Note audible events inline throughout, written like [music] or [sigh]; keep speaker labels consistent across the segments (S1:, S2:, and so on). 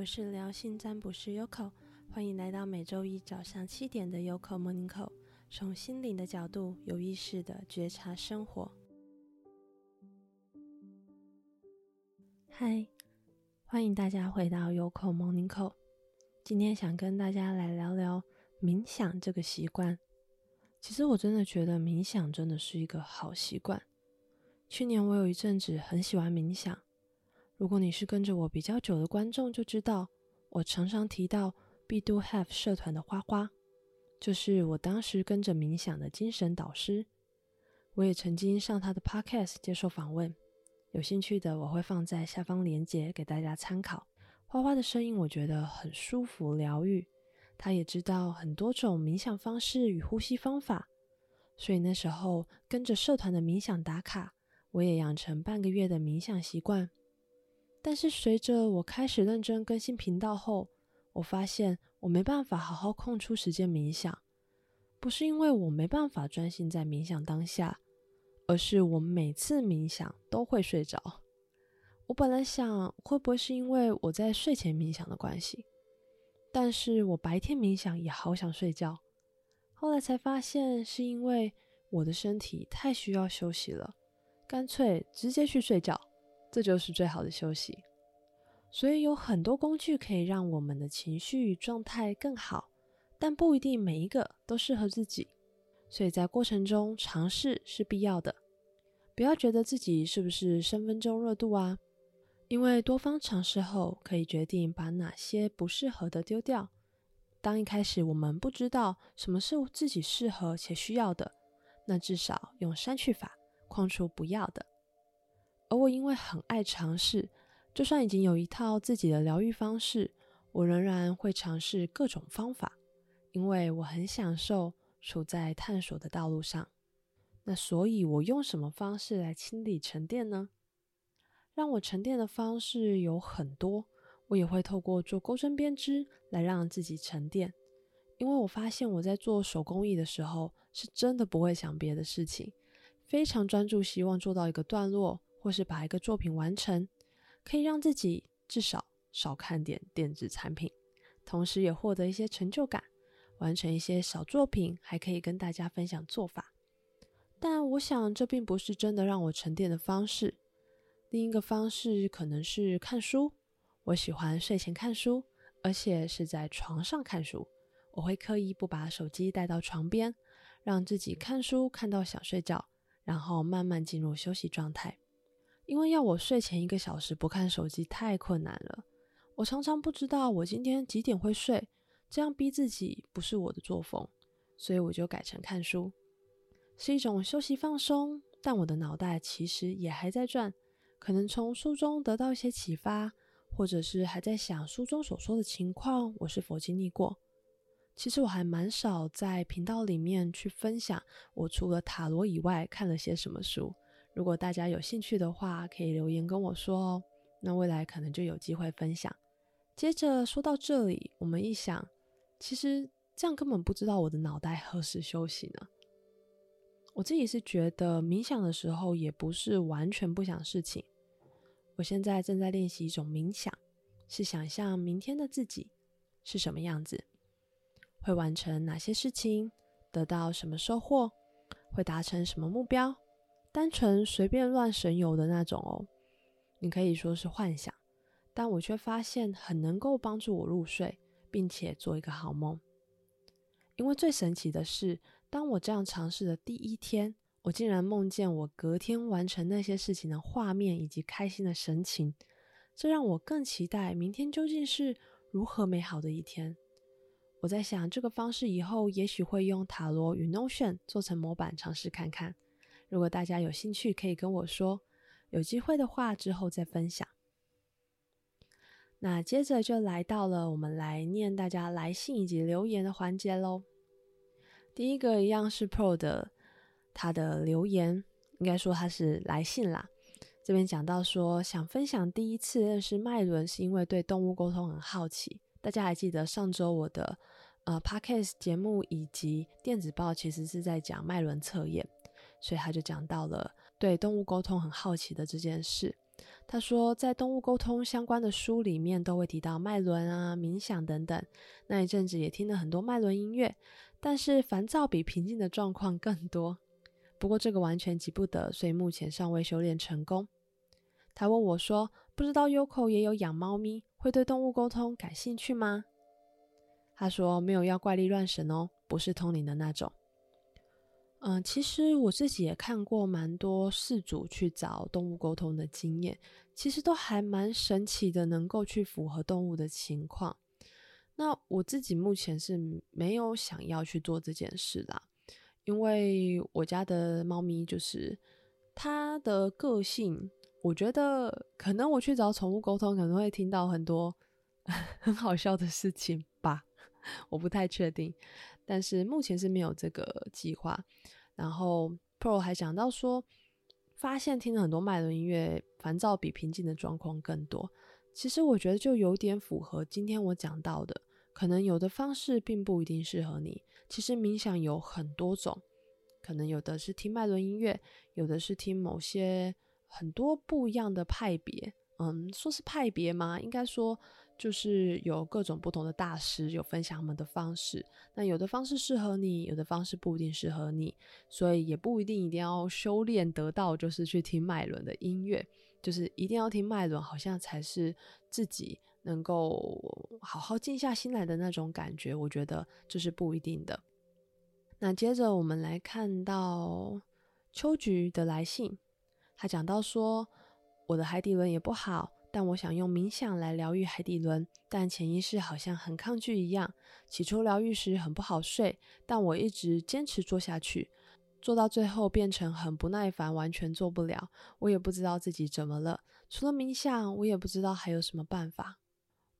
S1: 我是療心占卜師 Yoko，歡迎來到每周一早上七點的 Yoko Morning Call，從心靈的角度有意識地覺察生活。嗨，歡迎大家回到 Yoko Morning Call，今天想跟大家來聊聊冥想這個習慣。其實我真的覺得冥想真的是一個好習慣。去年我有一陣子很喜歡冥想。如果你是跟着我比較久的觀眾，就知道我常常提到 Be Do Have 社團的花花，就是我當時跟着冥想的精神導師。我也曾經上他的 podcast 接受訪問，有興趣的我會放在下方連結給大家參考。花花的聲音我覺得很舒服療癒，他也知道很多種冥想方式與呼吸方法，所以那時候跟着社團的冥想打卡，我也養成半個月的冥想習慣。但是隨着我開始認真更新頻道後，我發現我沒辦法好好空出時間冥想，不是因為我沒辦法專心在冥想當下，而是我每次冥想都會睡着。我本來想會不會是因為我在睡前冥想的關係，但是我白天冥想也好想睡覺，後來才發現是因為我的身體太需要休息了，乾脆直接去睡覺。這就是最好的休息，所以有很多工具可以讓我們的情緒狀態更好，但不一定每一個都適合自己，所以在過程中嘗試是必要的。不要覺得自己是不是三分鐘熱度啊，因為多方嘗試後可以決定把哪些不適合的丟掉。當一開始我們不知道什麼是自己適合且需要的，那至少用刪去法框出不要的。而我因為很愛嘗試，就算已經有一套自己的療癒方式，我仍然會嘗試各種方法，因為我很享受處在探索的道路上。那所以，我用什麼方式來清理沉澱呢？讓我沉澱的方式有很多，我也會透過做鈎針編織來讓自己沉澱，因為我發現我在做手工藝的時候是真的不會想別的事情，非常專注，希望做到一個段落。或是把一個作品完成，可以讓自己至少少看點電子產品，同時也獲得一些成就感。完成一些小作品，還可以跟大家分享做法。但我想，這並不是真的讓我沉澱的方式。另一個方式可能是看書。我喜歡睡前看書，而且是在床上看書。我會刻意不把手機帶到床邊，讓自己看書看到想睡覺，然後慢慢進入休息狀態。因為要我睡前一個小時不看手機太困難了，我常常不知道我今天幾點會睡，這樣逼自己不是我的作風，所以我就改成看書，是一種休息放鬆，但我的腦袋其實也還在轉，可能從書中得到一些啟發，或者是還在想書中所說的情況我是否經歷過。其實我還蠻少在頻道裡面去分享我除了塔羅以外看了些什麼書。如果大家有興趣的話，可以留言跟我說哦。那未來可能就有機會分享。接着說到這裡，我們一想，其實這樣根本不知道我的腦袋何時休息呢？我自己是覺得冥想的時候也不是完全不想事情。我現在正在練習一種冥想，是想象明天的自己是什麼樣子，會完成哪些事情，得到什麼收穫，會達成什麼目標。單純隨便亂神遊的那種哦，你可以說是幻想，但我卻發現很能夠幫助我入睡，並且做一個好夢。因為最神奇的是，當我這樣嘗試的第一天，我竟然夢見我隔天完成那些事情的畫面以及開心的神情，這讓我更期待明天究竟是如何美好的一天。我在想，這個方式以後也許會用塔羅與 Notion 做成模板嘗試看看。如果大家有興趣，可以跟我說，有機會的話之後再分享。那接着就來到了我們來念大家來信以及留言的環節嘍。第一個一樣是 Pro 的他的留言，應該說他是來信啦。這邊講到說，想分享第一次認識脈輪是因為對動物溝通很好奇。大家還記得上周我的呃 Podcast 節目以及電子報其實是在講脈輪測驗。所以他就講到了對動物溝通很好奇的這件事。他說，在動物溝通相關的書裡面都會提到脈輪啊、冥想等等。那一陣子也聽了很多脈輪音樂，但是煩躁比平靜的狀況更多。不過這個完全急不得，所以目前尚未修煉成功。他問我說：“不知道 Yoko 也有養貓咪，會對動物溝通感興趣嗎？”他說：“沒有，要怪力亂神哦，不是通靈的那種。”嗯，其實我自己也看過蠻多飼主去找動物溝通的經驗，其實都還蠻神奇的，能夠去符合動物的情況。那我自己目前是沒有想要去做這件事啦，因為我家的貓咪就是它的個性，我覺得可能我去找寵物溝通，可能會聽到很多 [laughs] 很好笑的事情吧， [laughs] 我不太確定。但是目前是沒有這個計劃。然後 Pro 還講到說，發現聽了很多脈輪音樂，煩躁比平靜的狀況更多。其實我覺得就有點符合今天我講到的，可能有的方式並不一定適合你。其實冥想有很多種，可能有的是聽脈輪音樂，有的是聽某些很多不一樣的派別。嗯，說是派別嗎？應該說。就是有各種不同的大師有分享我們的方式，那有的方式適合你，有的方式不一定適合你，所以也不一定一定要修煉得到，就是去聽脈輪的音樂，就是一定要聽脈輪，好像才是自己能夠好好靜下心來的那種感覺，我覺得這是不一定的。那接着我們來看到秋菊的來信，他講到說，我的海底輪也不好。但我想用冥想來療癒海底輪，但潛意識好像很抗拒一樣。起初療癒時很不好睡，但我一直堅持做下去，做到最後變成很不耐煩，完全做不了。我也不知道自己怎麼了，除了冥想，我也不知道還有什麼辦法。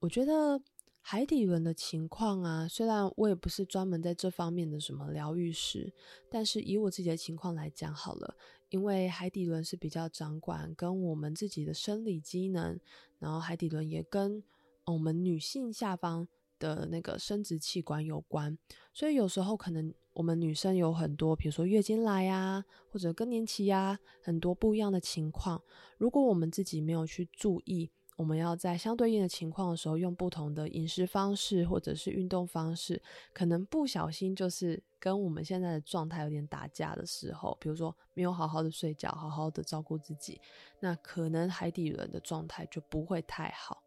S1: 我覺得海底輪的情況啊，雖然我也不是專門在這方面的什麼療癒師，但是以我自己的情況來講好了。因為海底輪是比較掌管跟我們自己的生理機能，然後海底輪也跟我們女性下方的那個生殖器官有關，所以有時候可能我們女生有很多，比如說月經來呀、啊，或者更年期呀、啊，很多不一樣的情況，如果我們自己沒有去注意。我們要在相對應的情況的時候，用不同的飲食方式或者是運動方式，可能不小心就是跟我們現在的狀態有點打架的時候，比如說沒有好好的睡覺，好好的照顧自己，那可能海底輪的狀態就不會太好。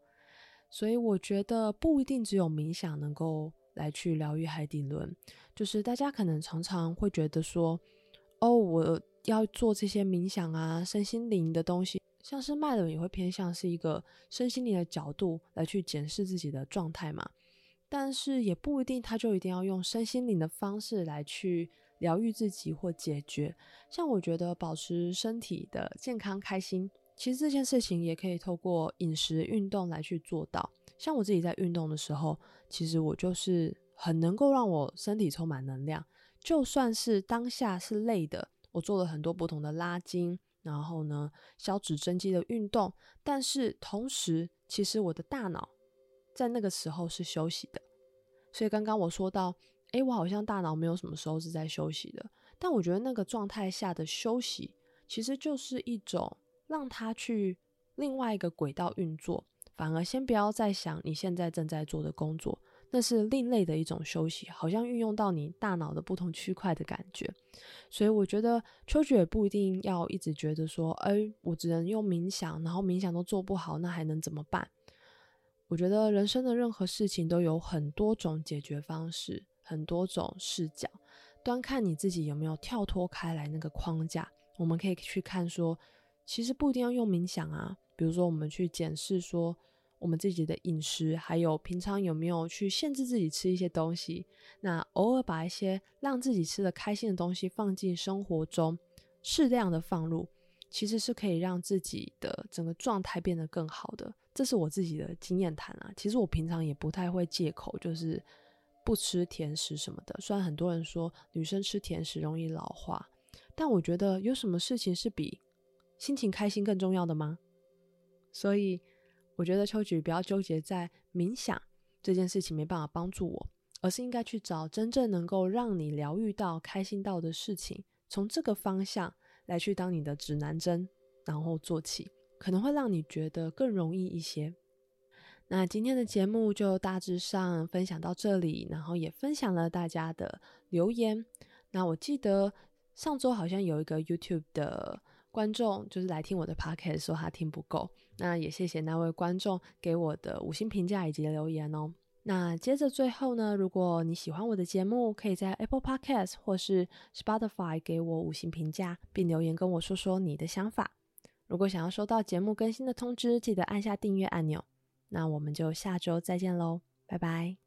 S1: 所以我覺得不一定只有冥想能夠來去療癒海底輪，就是大家可能常常會覺得說，哦，我要做這些冥想啊，身心靈的東西。像是脈輪也會偏向是一個身心靈的角度來去檢視自己的狀態嘛，但是也不一定，他就一定要用身心靈的方式來去療癒自己或解決。像我覺得保持身體的健康開心，其實這件事情也可以透過飲食、運動來去做到。像我自己在運動的時候，其實我就是很能夠讓我身體充滿能量，就算是當下是累的，我做了很多不同的拉筋。然後呢，消脂增肌的運動，但是同時，其實我的大腦在那個時候是休息的。所以剛剛我說到，誒，我好像大腦沒有什麼時候是在休息的。但我覺得那個狀態下的休息，其實就是一種讓它去另外一個軌道運作，反而先不要再想你現在正在做的工作。那是另類的一種休息，好像運用到你大腦的不同區塊的感覺，所以我覺得秋覺也不一定要一直覺得說，哎、欸，我只能用冥想，然後冥想都做不好，那還能怎麼辦？我覺得人生的任何事情都有很多種解決方式，很多種視角，端看你自己有沒有跳脫開來那個框架。我們可以去看說，其實不一定要用冥想啊，比如說我們去檢視說。我們自己的飲食，還有平常有沒有去限製自己吃一些東西？那偶爾把一些讓自己吃得開心的東西放進生活中，適量的放入，其實是可以讓自己的整個狀態變得更好的。這是我自己的經驗談啊。其實我平常也不太會忌口，就是不吃甜食什麼的。雖然很多人說女生吃甜食容易老化，但我覺得有什麼事情是比心情開心更重要的嗎？所以。我覺得秋菊不要糾結在冥想這件事情沒辦法幫助我，而是應該去找真正能夠讓你療癒到、開心到的事情，從這個方向來去當你的指南針，然後做起可能會讓你覺得更容易一些。那今天的節目就大致上分享到這裡，然後也分享了大家的留言。那我記得上周好像有一個 YouTube 的。觀眾就是來聽我的 podcast 說他聽不夠，那也謝謝那位觀眾給我的五星評價以及留言哦。那接着最後呢，如果你喜歡我的節目，可以在 Apple Podcast 或是 Spotify 給我五星評價，並留言跟我說說你的想法。如果想要收到節目更新的通知，記得按下訂閱按鈕。那我們就下周再見嘍，拜拜。